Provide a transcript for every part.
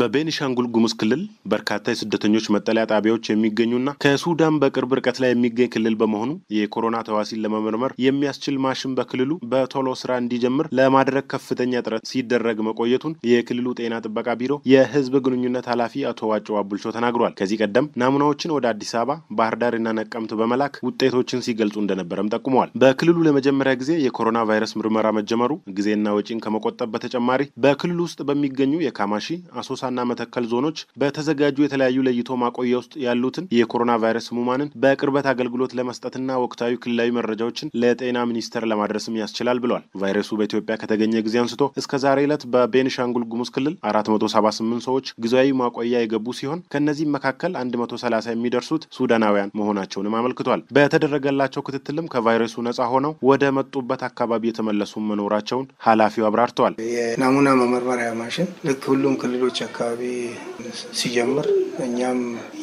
በቤኒሻንጉል ጉሙዝ ክልል በርካታ የስደተኞች መጠለያ ጣቢያዎች የሚገኙና ከሱዳን በቅርብ ርቀት ላይ የሚገኝ ክልል በመሆኑ የኮሮና ተዋሲን ለመመርመር የሚያስችል ማሽን በክልሉ በቶሎ ስራ እንዲጀምር ለማድረግ ከፍተኛ ጥረት ሲደረግ መቆየቱን የክልሉ ጤና ጥበቃ ቢሮ የህዝብ ግንኙነት ኃላፊ አቶ ዋጭው አቡልሾ ተናግሯል። ከዚህ ቀደም ናሙናዎችን ወደ አዲስ አበባ፣ ባህር ዳርና ነቀምት በመላክ ውጤቶችን ሲገልጹ እንደነበረም ጠቁመዋል። በክልሉ ለመጀመሪያ ጊዜ የኮሮና ቫይረስ ምርመራ መጀመሩ ጊዜና ወጪን ከመቆጠብ በተጨማሪ በክልሉ ውስጥ በሚገኙ የካማሺ አሶ ሳና መተከል ዞኖች በተዘጋጁ የተለያዩ ለይቶ ማቆያ ውስጥ ያሉትን የኮሮና ቫይረስ ህሙማንን በቅርበት አገልግሎት ለመስጠትና ወቅታዊ ክልላዊ መረጃዎችን ለጤና ሚኒስቴር ለማድረስም ያስችላል ብለዋል። ቫይረሱ በኢትዮጵያ ከተገኘ ጊዜ አንስቶ እስከ ዛሬ ዕለት በቤኒሻንጉል ጉሙዝ ክልል 478 ሰዎች ጊዜያዊ ማቆያ የገቡ ሲሆን ከእነዚህም መካከል 130 የሚደርሱት ሱዳናውያን መሆናቸውንም አመልክቷል። በተደረገላቸው ክትትልም ከቫይረሱ ነፃ ሆነው ወደ መጡበት አካባቢ የተመለሱ መኖራቸውን ኃላፊው አብራርተዋል። የናሙና መመርመሪያ ማሽን ልክ ሁሉም ክልሎች አካባቢ ሲጀምር እኛም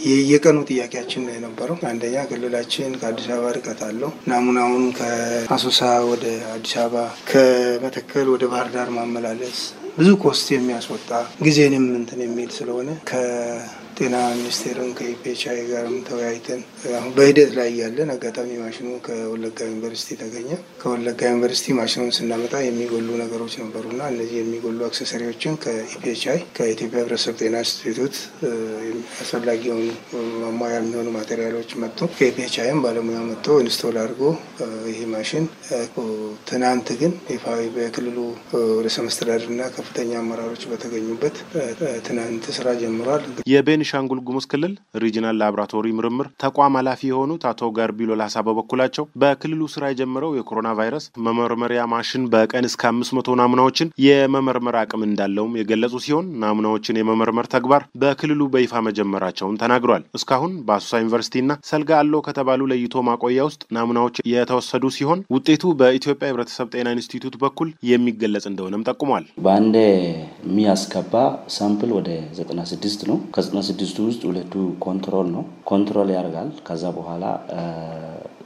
የየቀኑ ጥያቄያችን ነው የነበረው። አንደኛ ክልላችን ከአዲስ አበባ ርቀት አለው። ናሙናውን ከአሶሳ ወደ አዲስ አበባ ከመተከል ወደ ባህር ዳር ማመላለስ ብዙ ኮስት የሚያስወጣ ጊዜንም እንትን የሚል ስለሆነ ጤና ሚኒስቴርን ከኢፔቻይ ጋርም ተወያይተን አሁን በሂደት ላይ ያለን አጋጣሚ ማሽኑ ከወለጋ ዩኒቨርሲቲ ተገኘ። ከወለጋ ዩኒቨርሲቲ ማሽኑን ስናመጣ የሚጎሉ ነገሮች ነበሩና እነዚህ የሚጎሉ አክሰሰሪዎችን ከኢፔቻይ ከኢትዮጵያ ሕብረተሰብ ጤና ኢንስቲትዩት የሆኑ ማሟያ የሚሆኑ ማቴሪያሎች መጥቶ ከኢፔቻይም ባለሙያ መጥቶ ኢንስቶል አድርጎ ይሄ ማሽን ትናንት ግን ይፋዊ በክልሉ ርዕሰ መስተዳድርና ከፍተኛ አመራሮች በተገኙበት ትናንት ስራ ጀምሯል። የቤኒሻንጉል ጉሙዝ ክልል ሪጂናል ላብራቶሪ ምርምር ተቋም ኃላፊ የሆኑት አቶ ጋርቢ ሎላሳ በበኩላቸው በክልሉ ስራ የጀመረው የኮሮና ቫይረስ መመርመሪያ ማሽን በቀን እስከ አምስት መቶ ናሙናዎችን የመመርመር አቅም እንዳለውም የገለጹ ሲሆን ናሙናዎችን የመመርመር ተግባር በክልሉ በይፋ መጀመራቸውን ተናግሯል። እስካሁን በአሶሳ ዩኒቨርሲቲና ሰልጋ አለው ከተባሉ ለይቶ ማቆያ ውስጥ ናሙናዎች የተወሰዱ ሲሆን ውጤቱ በኢትዮጵያ ሕብረተሰብ ጤና ኢንስቲትዩት በኩል የሚገለጽ እንደሆነም ጠቁሟል። በአንዴ የሚያስገባ ሳምፕል ወደ 96 ነው። 96 ውስጥ ሁለቱ ኮንትሮል ነው። ኮንትሮል ያደርጋል። ከዛ በኋላ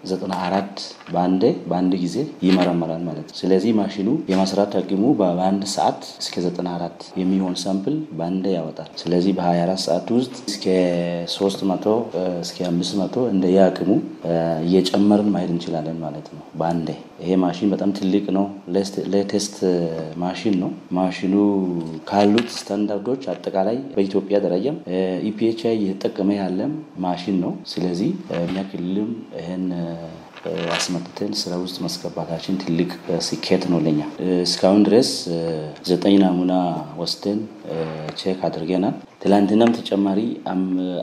ዘጠና አራት በአንዴ በአንድ ጊዜ ይመረመራል ማለት ነው። ስለዚህ ማሽኑ የማስራት አቅሙ በአንድ ሰዓት እስከ ዘጠና አራት የሚሆን ሳምፕል በአንዴ ያወጣል። ስለዚህ በ24 ሰዓት ውስጥ እስከ 300 እስከ 500 እንደ የአቅሙ እየጨመርን ማሄድ እንችላለን ማለት ነው በአንዴ። ይሄ ማሽን በጣም ትልቅ ነው። ሌቴስት ማሽን ነው። ማሽኑ ካሉት ስታንዳርዶች አጠቃላይ በኢትዮጵያ ደረጃም ኢፒኤችአይ እየተጠቀመ ያለም ማሽን ነው። ስለዚህ እኛ ክልልም ይህን አስመጥተን ስራ ውስጥ ማስገባታችን ትልቅ ስኬት ነው ለኛ። እስካሁን ድረስ ዘጠኝ ናሙና ወስደን ቼክ አድርገናል። ትላንትናም ተጨማሪ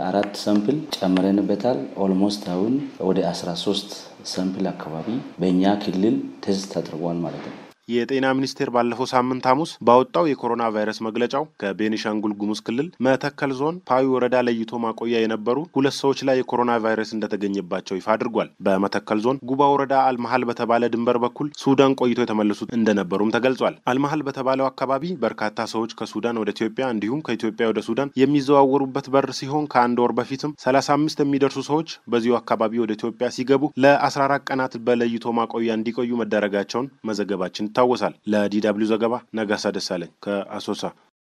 አራት ሳምፕል ጨምረንበታል። ኦልሞስት አሁን ወደ 13 ሳምፕል አካባቢ በእኛ ክልል ቴስት ተደርጓል ማለት ነው። የጤና ሚኒስቴር ባለፈው ሳምንት ሐሙስ ባወጣው የኮሮና ቫይረስ መግለጫው ከቤኒሻንጉል ጉሙዝ ክልል መተከል ዞን ፓዊ ወረዳ ለይቶ ማቆያ የነበሩ ሁለት ሰዎች ላይ የኮሮና ቫይረስ እንደተገኘባቸው ይፋ አድርጓል። በመተከል ዞን ጉባ ወረዳ አልመሀል በተባለ ድንበር በኩል ሱዳን ቆይቶ የተመለሱት እንደነበሩም ተገልጿል። አልመሀል በተባለው አካባቢ በርካታ ሰዎች ከሱዳን ወደ ኢትዮጵያ እንዲሁም ከኢትዮጵያ ወደ ሱዳን የሚዘዋወሩበት በር ሲሆን ከአንድ ወር በፊትም ሰላሳ አምስት የሚደርሱ ሰዎች በዚሁ አካባቢ ወደ ኢትዮጵያ ሲገቡ ለ14 ቀናት በለይቶ ማቆያ እንዲቆዩ መደረጋቸውን መዘገባችን ይታወሳል። ለዲ ደብልዩ ዘገባ ነጋሳ ደሳለኝ ከአሶሳ